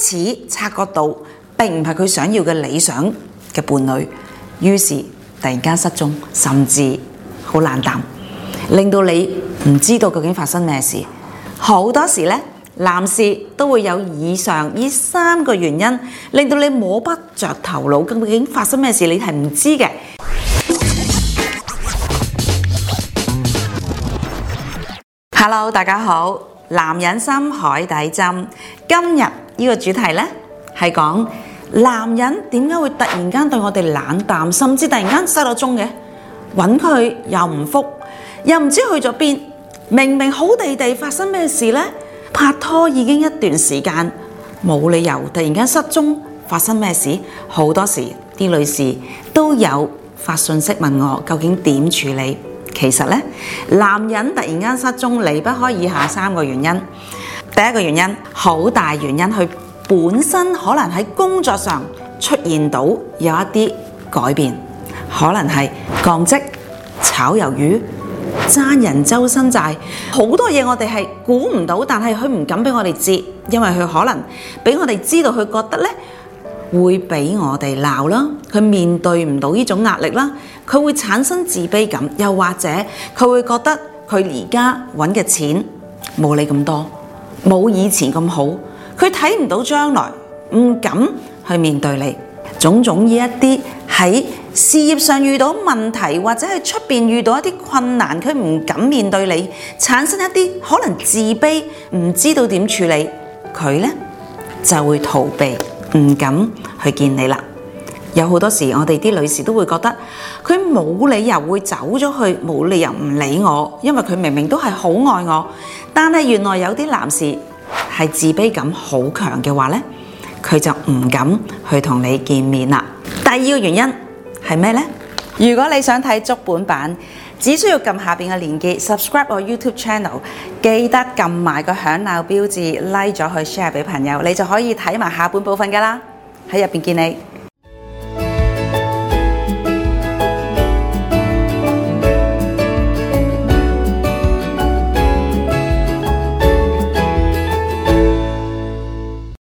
似察覺到並唔係佢想要嘅理想嘅伴侶，於是突然間失蹤，甚至好冷淡，令到你唔知道究竟發生咩事。好多時咧，男士都會有以上呢三個原因，令到你摸不着頭腦，究竟發生咩事你係唔知嘅。 Hello，大家好，男人心海底針，今日。呢個主題呢，係講男人點解會突然間對我哋冷淡，甚至突然間失咗蹤嘅，揾佢又唔覆，又唔知去咗邊。明明好地地發生咩事呢？拍拖已經一段時間，冇理由突然間失蹤，發生咩事？好多時啲女士都有發信息問我，究竟點處理？其實呢，男人突然間失蹤，離不開以下三個原因。第一個原因，好大原因，佢本身可能喺工作上出現到有一啲改變，可能係降職、炒魷魚、爭人周身債，好多嘢我哋係估唔到，但係佢唔敢俾我哋知，因為佢可能俾我哋知道，佢覺得咧會俾我哋鬧啦，佢面對唔到呢種壓力啦，佢會產生自卑感，又或者佢會覺得佢而家揾嘅錢冇你咁多。冇以前咁好，佢睇唔到將來，唔敢去面對你，種種呢一啲喺事業上遇到問題，或者係出邊遇到一啲困難，佢唔敢面對你，產生一啲可能自卑，唔知道點處理，佢呢就會逃避，唔敢去見你啦。有好多時，我哋啲女士都會覺得佢冇理由會走咗去，冇理由唔理我，因為佢明明都係好愛我。但係原來有啲男士係自卑感好強嘅話呢，佢就唔敢去同你見面啦。第二個原因係咩呢？如果你想睇足本版，只需要撳下面嘅連結，subscribe 我 YouTube channel，記得撳埋個響鬧標誌 like 咗去 share 俾朋友，你就可以睇埋下半部分噶啦。喺入邊見你。